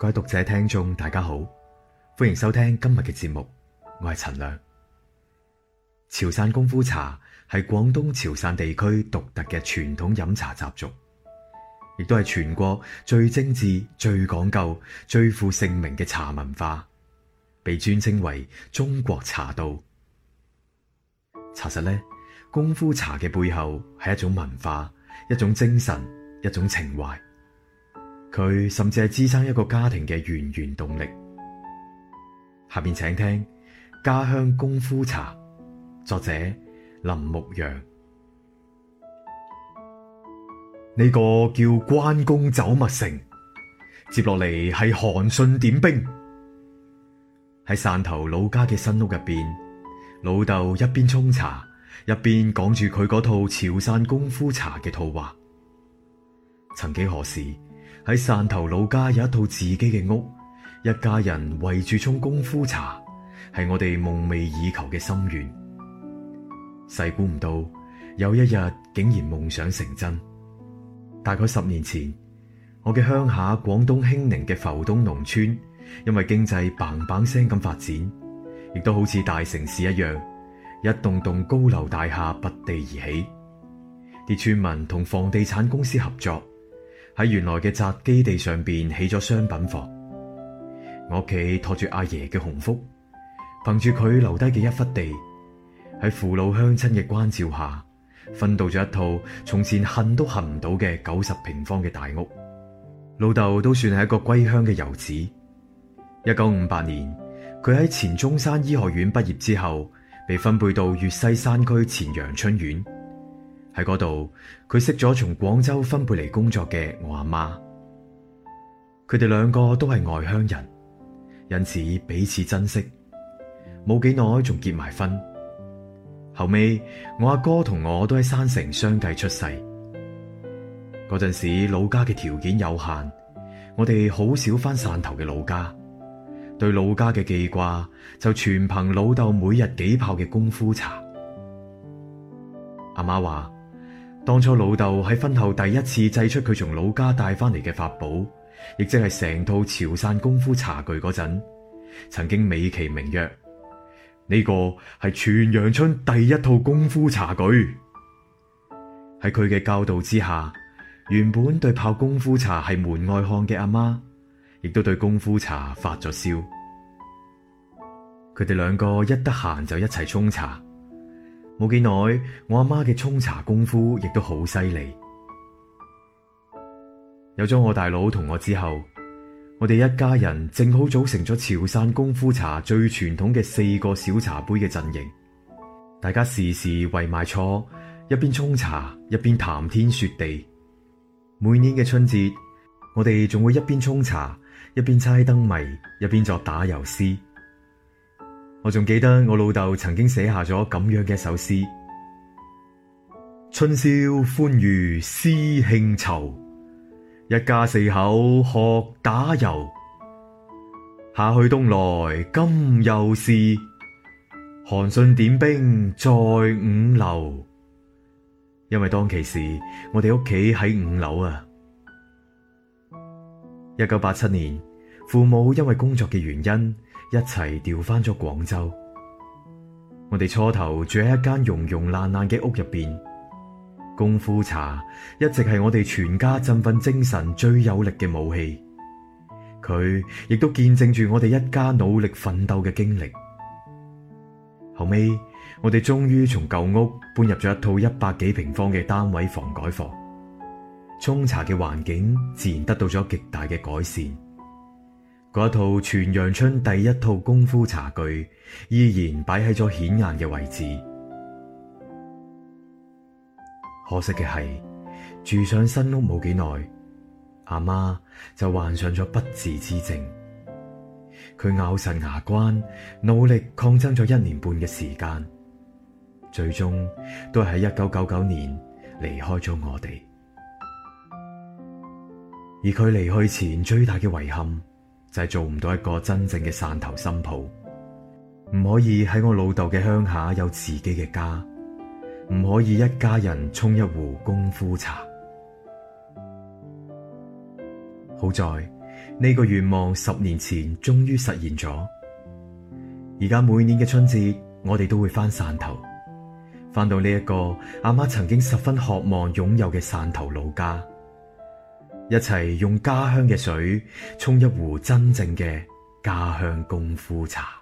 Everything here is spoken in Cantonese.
各位讀者、聽眾，大家好，歡迎收聽今日嘅節目，我係陳亮。潮汕功夫茶係廣東潮汕地區獨特嘅傳統飲茶習俗，亦都係全國最精緻、最講究、最負盛名嘅茶文化，被尊稱為中國茶道。查實呢，功夫茶嘅背後係一種文化、一種精神、一種情懷。佢甚至係支撐一個家庭嘅源源動力。下面請聽《家鄉功夫茶》，作者林沐陽。呢個叫關公走麥城，接落嚟，係韓信點兵。喺汕頭老家嘅新屋入邊，老豆一邊沖茶，一邊講住佢嗰套潮汕功夫茶嘅套話。曾幾何時，喺汕頭老家有一套自己嘅屋，一家人圍住沖工夫茶，係我哋夢寐以求嘅心願。細估唔到，有一日竟然夢想成真。大概十年前，我嘅鄉下廣東興寧嘅浮東農村，因為經濟棒棒聲咁發展，亦都好似大城市一樣，一棟棟高樓大廈拔地而起。啲村民同房地產公司合作。喺原來嘅宅基地上邊起咗商品房。我屋企托住阿爺嘅鴻福，憑住佢留低嘅一忽地，喺父老鄉親嘅關照下，分到咗一套從前恨都恨唔到嘅九十平方嘅大屋。老豆都算係一個歸鄉嘅游子。一九五八年，佢喺前中山醫學院畢業之後，被分配到粵西山區前陽春縣。喺嗰度，佢識咗從廣州分配嚟工作嘅我阿媽，佢哋兩個都係外鄉人，因此彼此珍惜，冇幾耐仲結埋婚。後尾我阿哥同我都喺山城相繼出世。嗰陣時老家嘅條件有限，我哋好少翻汕頭嘅老家，對老家嘅記掛就全憑老豆每日幾泡嘅工夫茶。阿媽話，當初老豆喺婚後第一次祭出佢從老家帶翻嚟嘅法寶，亦即係成套潮汕功夫茶具嗰陣，曾經美其名曰呢個係全陽春第一套功夫茶具。喺佢嘅教導之下，原本對泡功夫茶係門外漢嘅阿媽，亦都對功夫茶發咗燒。佢哋兩個一得閒就一齊沖茶。冇幾耐，我阿媽嘅沖茶功夫亦都好犀利。有咗我大佬同我之後，我哋一家人正好組成咗潮汕功夫茶最傳統嘅四個小茶杯嘅陣營。大家時時圍埋坐，一邊沖茶，一邊談天說地。每年嘅春節，我哋仲會一邊沖茶，一邊猜燈謎，一邊作打油詩。我仲記得我老豆曾經寫下咗咁樣嘅一首詩：春宵歡娛詩興稠，一家四口學打油，夏去冬來今又是，韓信點兵在五樓。因為當其時，我哋屋企喺五樓啊！一九八七年，父母因為工作嘅原因，一齊調翻咗廣州，我哋初頭住喺一間融融爛爛嘅屋入邊，功夫茶一直係我哋全家振奮精神最有力嘅武器。佢亦都見證住我哋一家努力奮鬥嘅經歷。後尾，我哋終於從舊屋搬入咗一套一百幾平方嘅單位房改房，沖茶嘅環境自然得到咗極大嘅改善。嗰套全陽春第一套功夫茶具依然擺喺咗顯眼嘅位置。可惜嘅係，住上新屋冇幾耐，阿媽就患上咗不治之症。佢咬實牙關，努力抗爭咗一年半嘅時間，最終都係喺一九九九年離開咗我哋。而佢離去前最大嘅遺憾，就係做唔到一個真正嘅汕頭新抱，唔可以喺我老豆嘅鄉下有自己嘅家，唔可以一家人沖一壺功夫茶。好在呢個願望十年前終於實現咗，而家每年嘅春節，我哋都會翻汕頭，翻到呢一個阿媽曾經十分渴望擁有嘅汕頭老家。一齊用家鄉嘅水沖一壺真正嘅家鄉工夫茶。